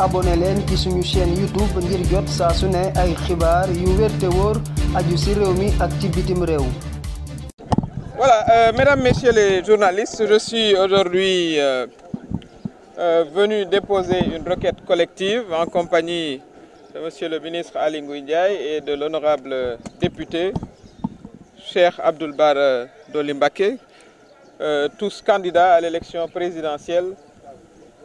abonné leen ci suñu chaîne YouTube ngir jot saa su ne ay xibaar yu wér te wóor aju ci réew mi ak ci bitim Voilà, euh, mesdames, messieurs les journalistes, je suis aujourd'hui euh, euh, venu déposer une requête collective en compagnie de monsieur le ministre Aly Ngouille Ndiaye et de l'honorable député Cheikh Abdoul Bara Dolly Mbacké, tous candidats à l'élection présidentielle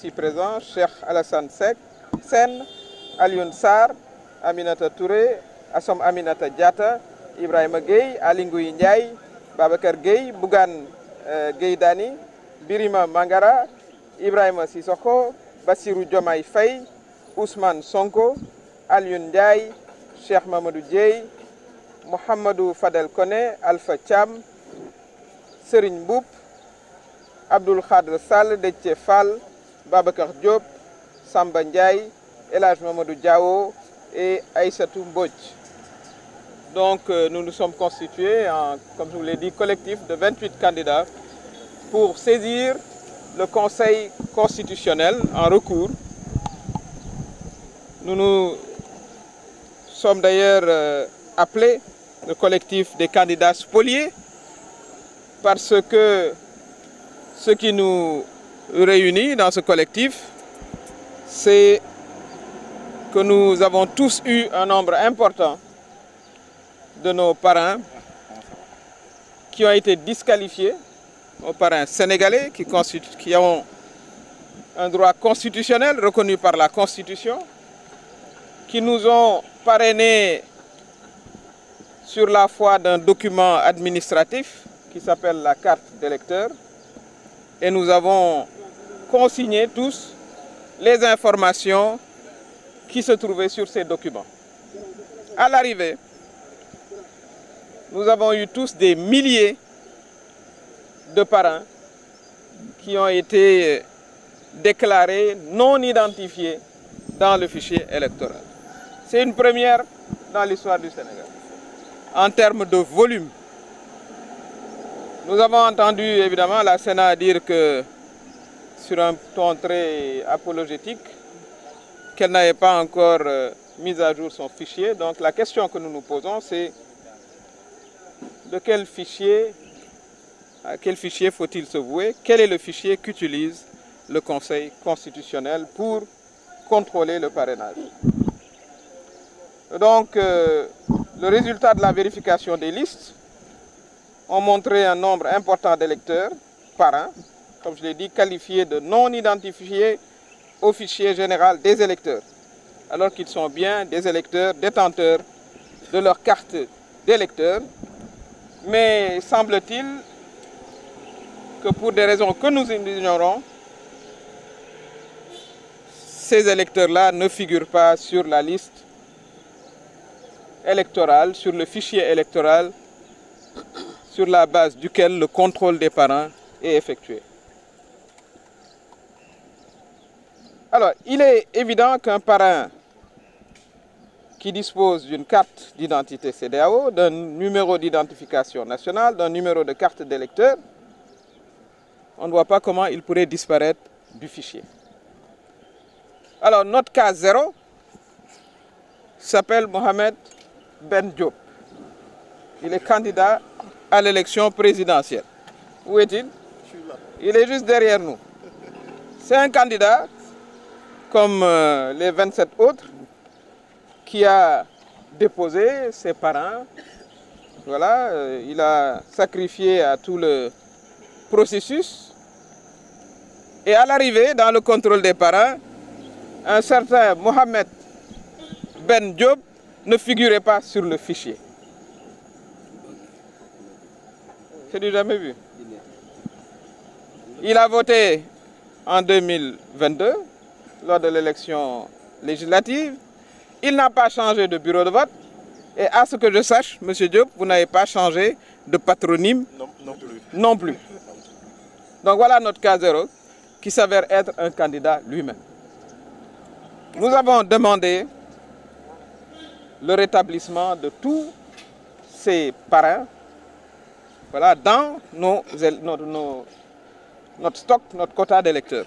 ci présents, Cheikh Alassane Sek, Sen, Alioun Sar, Aminata Touré, Assom Aminata Diata, Ibrahima Gueye, Alingui Ndiaye, Babacar Gueye, Bougane euh, Birima Mangara, Ibrahima Sissoko, Bassirou Diomaye Faye, Ousmane Sonko, Alioun Ndiaye, Cheikh Mamadou Dieye, Mohamedou Fadel Koné, Alpha Thiam, Serigne Mboup, Abdoul Khadr Sall, Déthié Fall Babacar Diop Samba Ndiaye Elage Mamadou Diao et Aïssatou Mbodj. Donc euh, nous nous sommes constitués en, comme je vous l'ai dit, collectif de 28 candidats pour saisir le Conseil constitutionnel en recours. Nous nous sommes d'ailleurs euh, appelés, le collectif des candidats spoliés, parce que ce qui nous réunis dans ce collectif, c'est que nous avons tous eu un nombre important de nos parrains qui ont été disqualifiés, nos parrains sénégalais qui, qui ont un droit constitutionnel reconnu par la Constitution, qui nous ont parrainés sur la foi d'un document administratif qui s'appelle la carte d'électeur. Et nous avons consigner tous les informations qui se trouvaient sur ces documents. À l'arrivée, nous avons eu tous des milliers de parrains qui ont été déclarés non identifiés dans le fichier électoral. C'est une première dans l'histoire du Sénégal. En termes de volume, nous avons entendu évidemment la Sénat dire que sur un ton très apologétique, qu'elle n'avait pas encore euh, mise à jour son fichier. Donc la question que nous nous posons, c'est de quel fichier, à quel fichier faut-il se est le fichier qu'utilise le Conseil constitutionnel pour contrôler le parrainage Donc, euh, le résultat de la vérification des listes ont montré un nombre important d'électeurs par comme je l'ai dit, qualifiés de non identifiés au fichier général des électeurs, alors qu'ils sont bien des électeurs détenteurs de leur carte d'électeur. Mais semble-t-il que pour des raisons que nous ignorons, ces électeurs-là ne figurent pas sur la liste électorale, sur le fichier électoral sur la base duquel le contrôle des parents est effectué. Alors, il est évident qu'un parrain qui dispose d'une carte d'identité CDAO, d'un numéro d'identification nationale, d'un numéro de carte d'électeur, on ne voit pas comment il pourrait disparaître du fichier. notre cas zéro s'appelle Mohamed Ben Diop. Il est candidat à l'élection présidentielle. Où est-il Il est juste derrière nous. C'est un candidat comme euh, les 27 autres, qui a déposé ses Voilà, euh, il a sacrifié tout le processus. Et à dans le contrôle des parents, un certain Mohamed Ben Diop ne sur le fichier. C'est du jamais vu. Il a voté en lors de l'élection législative. Il n'a pas changé de bureau de vote. Et à ce que je sache, M. Diop, vous n'avez pas changé de patronyme non, plus. voilà notre cas zéro qui s'avère être un candidat lui-même. Nous avons demandé le rétablissement de tous ces parrains dans nos, nos, nos, notre stock, notre quota d'électeurs.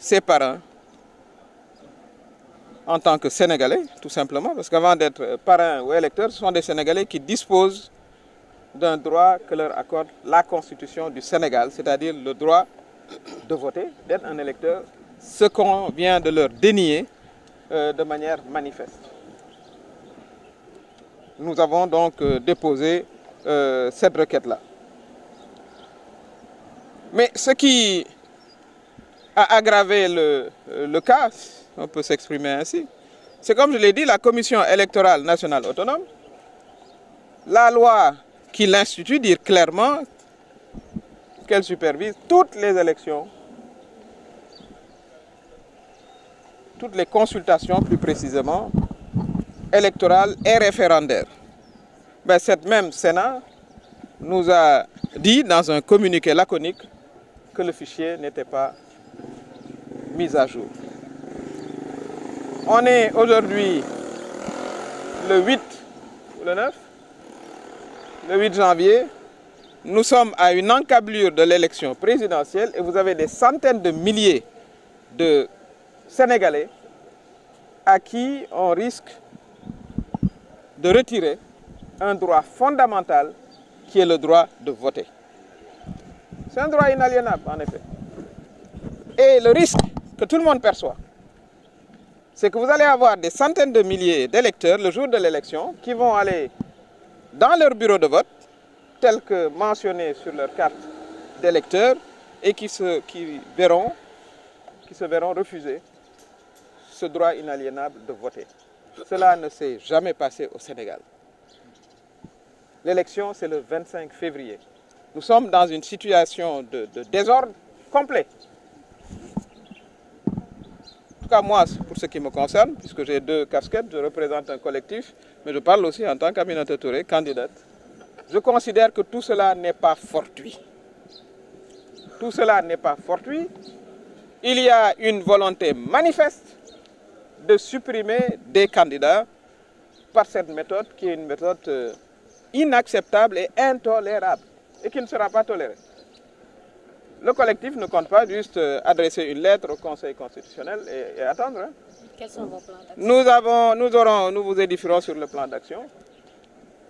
ses parents en tant que Sénégalais, tout simplement, parce qu'avant d'être parrain ou électeur, ce sont des Sénégalais qui disposent d'un droit que leur accorde la Constitution du Sénégal, c'est-à-dire le droit de voter, d'être un électeur, ce qu'on vient de leur dénier euh, de manière manifeste. Nous avons donc euh, déposé euh, cette requête-là. Mais ce qui à aggraver le, le cas, on peut s'exprimer ainsi. C'est comme je l'ai dit, la Commission électorale nationale autonome, la loi qui l'institue dit clairement qu'elle supervise toutes les élections, toutes les consultations plus précisément, électorales et référendaires. Ben, cette même Sénat nous a dit dans un communiqué laconique que le fichier n'était pas mise à jour. On est aujourd'hui le 8 ou le 9, le 8 janvier. Nous sommes à une encablure de l'élection présidentielle et vous avez des centaines de milliers de Sénégalais à qui on risque de retirer un droit fondamental qui est le droit de voter. C'est un droit inaliénable, en effet. Et le risque que tout le monde perçoit, que vous allez avoir des centaines de milliers d'électeurs le jour de l'élection qui vont dans leur bureau de vote, tel que mentionné sur leur carte d'électeur, et qui se, qui verront, qui se verront refuser ce droit inaliénable de voter. Cela ne s'est jamais passé au Sénégal. L'élection, c'est le 25 février. Nous sommes dans une situation de, de désordre complet. cas, moi, pour ce qui me concerne, puisque j'ai deux casquettes, je représente un collectif, mais je parle aussi en tant qu'Aminata Touré, candidate. Je considère que tout cela n'est pas fortuit. Il y a une volonté manifeste de supprimer des candidats par cette méthode qui est une méthode euh, inacceptable et intolérable et qui ne sera pas tolérée. Le collectif ne compte pas juste euh, adresser une lettre au Conseil constitutionnel et, attendre. nous, aurons, nous vous édifierons sur le plan d'action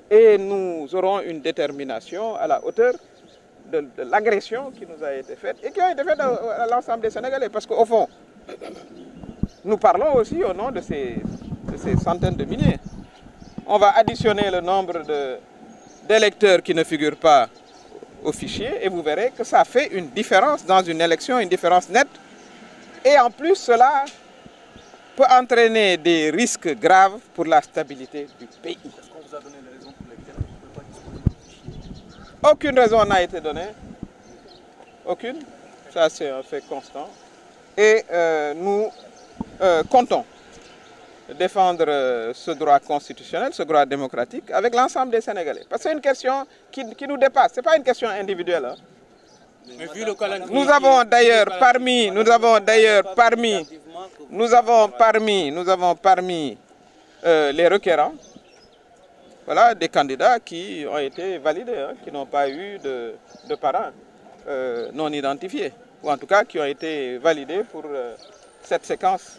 et nous aurons une détermination à la hauteur de, de l'agression qui nous a été faite et à, l'ensemble des Sénégalais. Parce qu'au fond, nous parlons aussi au nom de ces, de ces centaines de milliers. On va additionner le nombre d'électeurs qui ne figurent pas au fichier et vous verrez que ça fait une différence dans une élection, une différence nette. Et en plus, cela peut entraîner des risques graves pour la stabilité du pays. Est-ce qu'on vous a donné les raisons pour lesquelles vous ne pouvez pas disposer du fichier Aucune raison n'a été donnée. Aucune. Ça, c'est un fait constant. Et euh, nous euh, comptons défendre euh, ce droit constitutionnel, ce droit démocratique, avec l'ensemble des Sénégalais. Parce que c'est une question qui, qui nous dépasse, ce pas une question individuelle. nous avons d'ailleurs parmi, nous avons d'ailleurs parmi, nous avons parmi, nous avons euh, les requérants, des candidats qui ont été validés, hein, qui n'ont pas eu de, parents euh, non identifiés, ou en tout cas qui ont été validés pour euh, cette séquence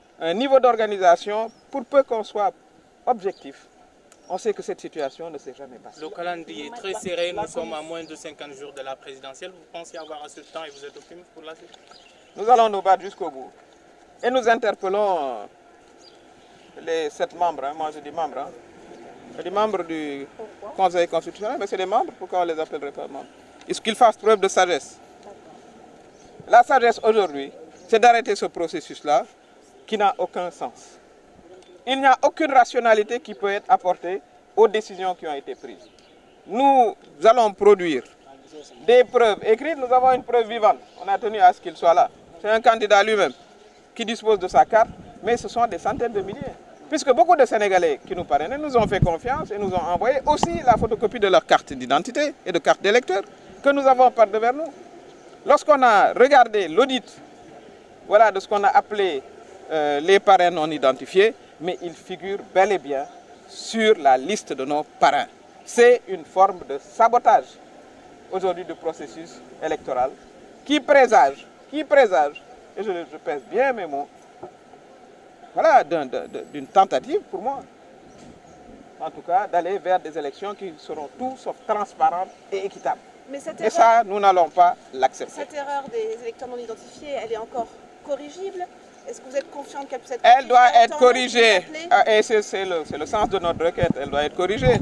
un niveau d'organisation, pour peu qu'on soit objectif, on sait que cette situation ne s'est jamais passée. Le calendrier est très serré, nous sommes de 50 jours de la présidentielle. Vous pensez avoir assez de temps et vous allons nous battre jusqu'au bout. Et nous interpellons euh, les sept membres, du Conseil constitutionnel, mais c'est des membres, pourquoi on ne les appellerait pas membres Est-ce qu'ils fassent preuve de sagesse La sagesse aujourd'hui, c'est d'arrêter ce processus-là, qui n'a aucun sens. Il n'y a aucune rationalité qui peut être apportée aux décisions qui ont été prises. Nous allons produire des preuves écrites, nous avons une preuve vivante. On a tenu à ce qu'il soit là. C'est un candidat lui-même qui dispose de sa carte, mais ce sont des centaines de milliers. Puisque beaucoup de Sénégalais qui nous parrainaient nous ont fait confiance et nous ont envoyé aussi la photocopie de leur carte d'identité et de carte d'électeur que nous avons par devers nous. Lorsqu'on a regardé l'audit voilà, de ce qu'on a appelé euh, les parrains non identifiés, mais ils figurent bel et bien sur la liste de nos parrains. C'est une forme de sabotage aujourd'hui du processus électoral qui présage, qui présage, et je, pèse bien mes mots, voilà, d'une un, tentative pour moi, en tout cas, d'aller vers des élections qui seront transparentes et équitables. et erreur, nous n'allons pas l'accepter. Cette erreur des électeurs non identifiés, est encore corrigible Est-ce que vous êtes confiant qu'elle puisse être Elle doit être corrigée. Ah, et c'est le, le, sens de notre requête. Elle doit être corrigée.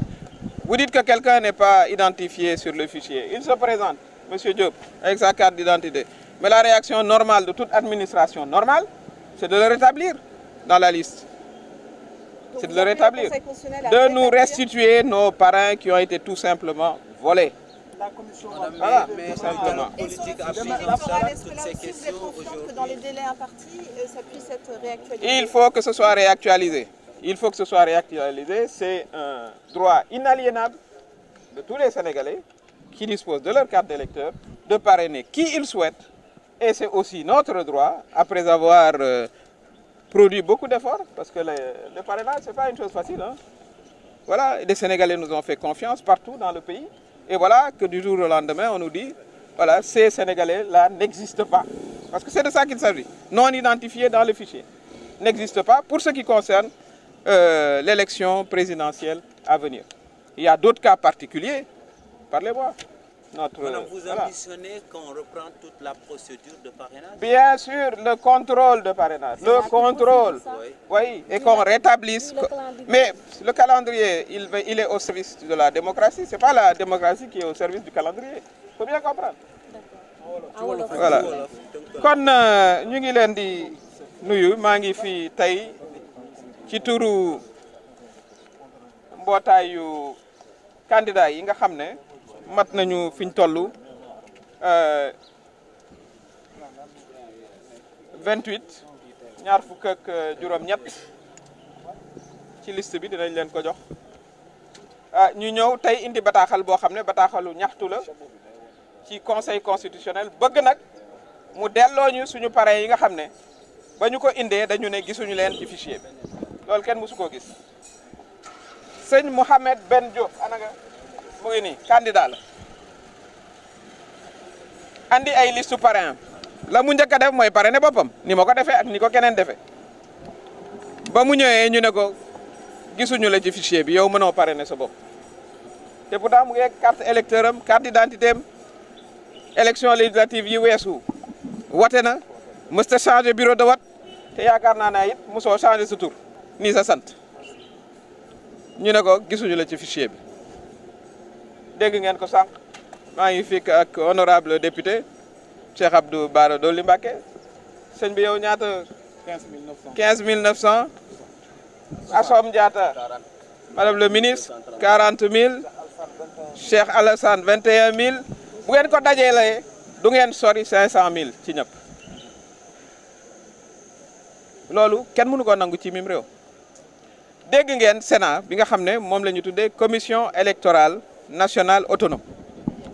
Vous dites que quelqu'un n'est pas identifié sur le fichier. Il se présente, M. Diop, avec sa carte d'identité. Mais la réaction normale de toute administration normale, c'est de le rétablir dans la liste. C'est de le rétablir. De nous restituer nos parrains qui ont été tout simplement volés. la commission Il faut que ce soit réactualisé. Il ce soit réactualisé. C'est un droit inaliénable de tous les Sénégalais qui disposent de leur carte d'électeur de parrainer qui ils souhaitent. Et c'est aussi notre droit, après avoir euh, produit beaucoup d'efforts, parce que le, le parrainage, ce n'est pas une chose facile. Hein. Voilà, les nous ont fait confiance partout dans le pays. Et voilà que du jour au lendemain, on nous dit, voilà, ces Sénégalais-là n'existent pas. Parce que c'est de ça qu'il s'agit. Non identifiés dans le fichier. N'existent pas pour ce qui concerne euh, l'élection présidentielle à venir. Il y a d'autres cas particuliers. Parlez-moi. notre... Madame, vous voilà. la procédure de parrainage Bien sûr, le contrôle de parrainage. Le contrôle, oui. qu'on rétablisse. mais le calendrier, il, est au service de la démocratie. Ce pas la démocratie qui est au service du calendrier. Il bien comprendre. Voilà. Kon euh, ñu ngi leen di maa ngi fi tey ci turu mbootaayu candidat yi nga xam ne mat nañu fi ñu toll euh, vingt-huit ñaar fukk ak euh, juróom-ñett ci liste bi dinañ leen ko jox ah ñu ñëw tey indi bataaxal boo xam ne bataaxalu ñaxtu la ci conseil constitutionnel bëgg nag mu delloo ñu suñu parrain yi nga xam ne ba ñu ko indee dañu ne gisuñu leen ci fichier bi loolu kenn mësu koo gis sëñ Mouhamed Ben Diop ana mu ngi nii candidat la andi ay liste parrain la mu njëkk a def mooy parrainé boppam ni ma ko defee ak ni ko keneen defee ba mu ñëwee ñu ne ko gisuñu la ci fichier bi yow mënoo parrainé sa bopp te pourtant mu ngi yegg carte électeur am carte d'identité am élection législative yi weesu wate na mësta changé bureau de vote te yaakaar naa ne it mosoo changé sa tur nii sa sant ñu ne ko gisuñu la ci fichier bi dégg ngeen ko sànq maa ngi fii ak honorable député Cheikh Abdou Bara Dolly Mbacké sëñ bi yow ñaata. 15900 15900. Assom Diatta madame le ministre 40000. Cheikh Alassane 21000. mille ngeen ko dajalee du ngeen cinq cent mille ci ñëpp. loolu kenn mënu ko nangu ci mim réew. dégg ngeen Sénat bi nga xam ne moom la ñu tuddee commission électorale. national autonome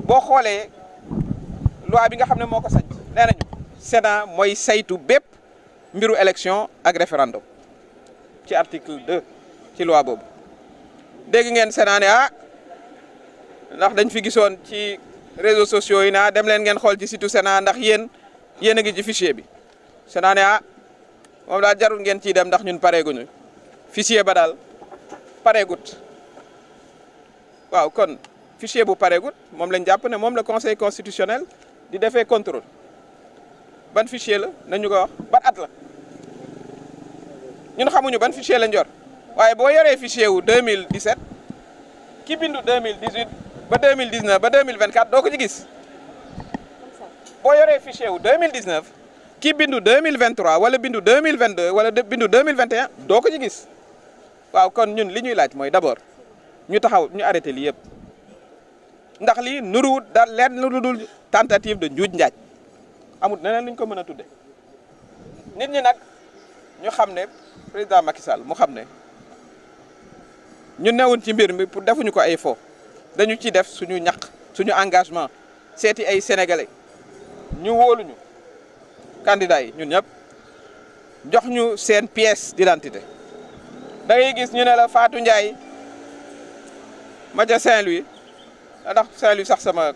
boo xoolee loi bi nga xam ne moo ko sañ nee nañu Sénat mooy saytu bépp mbiru élection ak référendum ci article 2 ci loi boobu dégg ngeen Sénat ne ah ndax dañ fi gisoon ci réseaux sociaux yi naa ah, dem leen ngeen xool ci site Sénat ndax yéen yéen a ngi ci fichier bi Sénat ne ah moom daal jarul ngeen ciy dem ndax ñun pareeguñu fichier ba daal pareegut waaw kon fichier bu pareegut moom lañ jàpp ne moom la conseil constitutionnel di defee contrôle ban fichier la nañu ko wax ban at la ñun xamuñu ban fichier lañ yor waaye boo yoree fichier wu 2017 ki bindu 2018 ba 2019 ba 2024 doo ko ci gis boo yoree fichier wu 2019 ki bindu 2023 wala bindu 2022 wala bindu 2021 doo ko ci gis waaw kon ñun li ñuy laaj mooy d'abord. ñu taxaw ñu arrêté li yëpp ndax lii nuruwut da leen lu dul tentative de njuuj njaaj amut neneen luñ ko mën a tudde nit ñi nag ñu xam ne président Macky Sall mu xam ne ñu newoon ci mbir mi pour defuñu ko ay fo dañu ci def suñu ñaq suñu engagement seeti ay sénégalais ñu wóoluñu candidats yi ñun ñëpp jox ñu seen pièce d'identité da ngay gis ñu ne la Fatou Ndiaye ma ca Saint-Louis ah, ndax saint sax sama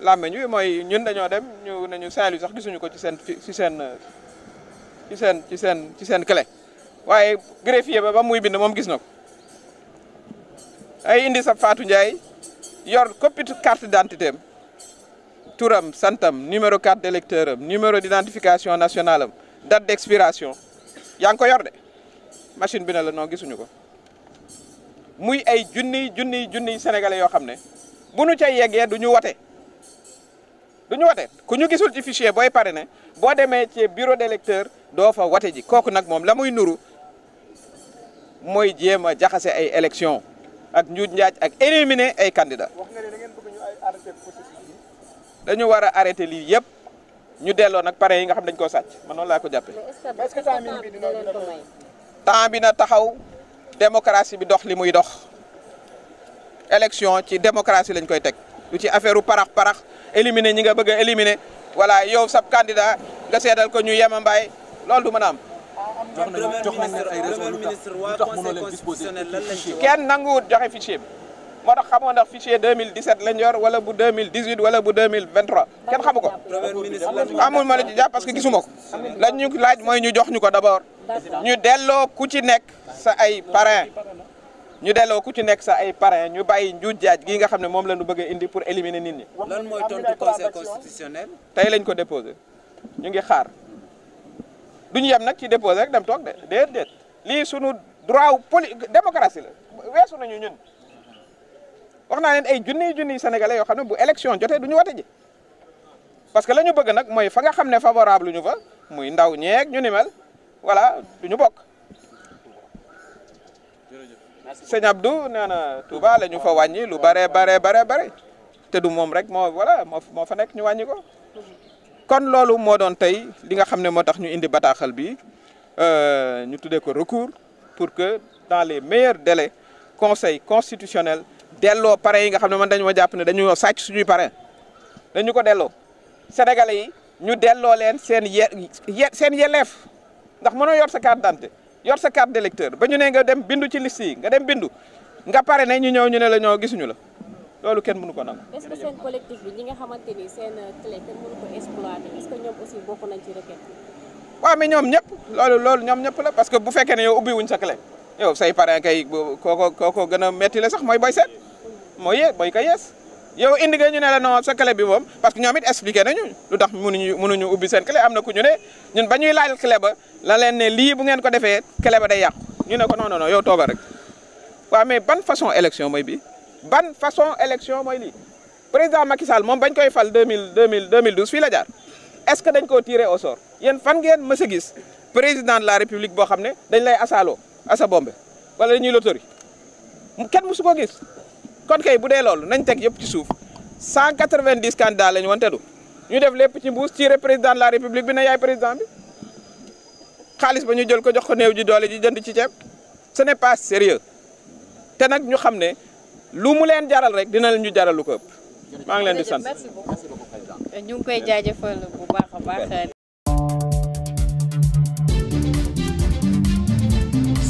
làmmeñ wi mooy ñun dañoo dem ñu nañu Saint-Louis sax gisuñu ko ci seen ci seen ci seen ci seen ci seen clé waaye greffier ba ba muy bind moom gis na ko ay indi sa Fatou Ndiaye yor copitu carte d'identité am turam santam numéro carte d'électeur am numéro d'identification nationale am date d'expiration yaa ngi ko yor de machine bi ne la noo gisuñu ko muy ay junni junniy junniy sénégalais yoo xam ne bu nu ca yeggee du ñu wate du ñu wate ku ñu gisul ci fichier booy pare ne boo demee ci bureau d'électeur doo fa wate ji kooku nag moom la muy nuru mooy jéem a jaxase ay élection ak njuut njaaj ak éliminer ay candidats. wax dañu war a arrêté lii yëpp ñu delloo nag pare yi nga xam dañ koo sàcc man noonu laa ko jàppee. est-ce que temps bi taxaw. démocratie bi dox li muy dox élection ci démocratie lañ koy teg lu ci affaire u parax parax éliminer ñi nga bëgg a éliminer voilà yow sab candidat nga seetal ko ñu yema mbaay loolu du mën a am. jox nañ jox nañ ay raisons lu tax lu joxe fi ciem moo tax xamoo ndax fichier 2017 lañ yor wala bu 2018 wala bu 2023 kenn xamu ko. amul ma la ci jàpp parce que gisuma ko. lañ ñu laaj mooy ñu jox ñu ko ñu delloo ku ci nekk sa ay parrain. ñu delloo ku ci nekk sa ay parrain ñu bàyyi njuuj jaaj gi nga xam ne moom la nu bëgg a indi pour éliminer nit ñi. lan mooy tontu conseil constitutionnel. tey lañ ko déposé ñu ngi xaar du ñu yem nag ci déposé rek dem toog de déet déet lii sunu droit poli démocratie la weesu nañu ñun. wax naa leen ay junniy junniy sénégalais yo xam ne bu élection jotee du ñu wote ji parce que lañu ñu bëgg nag mooy fa nga xam ne favorable ñu fa muy ndaw ñeeg ñu ni mel voilà du ñu bokk. sëñ Abdou nee na Touba la ñu fa wàññi lu bare bare bare bare te du moom rek moo voilà moo fa nekk ñu wàññi ko. kon loolu moo doon tey li nga xam ne moo tax ñu indi bataaxal bi euh, ñu tuddee ko recours pour que dans les meilleurs délais conseil constitutionnel. delloo pare yi nga xam ne man dañu ma jàpp ne dañoo sàcc suñuy pare dañu ko delloo sénégalais yi ñu delloo leen seen ye seen yelleef ndax mënoo yor sa carte d'identité yor sa carte d'électeur ba ñu ne nga dem bindu ci liste yi nga dem bindu nga pare ne ñu ñëw ñu ne la ñoo gisuñu la loolu kenn mënu ko nangu. est-ce que seen collectif bi ñi nga xamante ni seen clé kenn mënu ko exploiter est que ñoom aussi bokk nañ ci requête. waaw mais ñoom ñëpp loolu loolu ñoom ñëpp la parce que bu ne yow ubbi wuñ sa clé. yow say parrain kay kooko kooko gën a métti la sax mooy boy seet mooy yee boy ko yees yow indi nga ñu ne la non sa clé bi moom parce que ñoom it expliqué nañu lu tax mënuñu mënuñu ubbi seen clé am na ku ñu ne ñun ba ñuy laal clé ba la leen ne lii bu ngeen ko defee clé ba day yàqu ñu ne ko non non non yow toogal rek waaw mais ban façon élection mooy bi ban façon élection mooy lii président Macky moom bañ koy fal 2000 2000 2012 fii la jaar est-ce que dañ koo tiré au sort fan ngeen ma gis président la république boo xam ne dañ lay asaaloo asa bombe wala dañuy lotori kenn su ko gis kon kay bu dee loolu nañ teg yëpp ci suuf 190 candidats lañ wante du ñu def lépp ci mbuus ci président de la république bi na yaay président bi xaalis ba ñu jël ko jox ko néew ji doole ji jënd ci ceeb ce n'est pas sérieux te nag ñu xam ne lu mu leen jaral rek dina leen ñu jaral lu ko ëpp maa ngi leen di sant ñu ngi koy jaajëfal bu baax a baax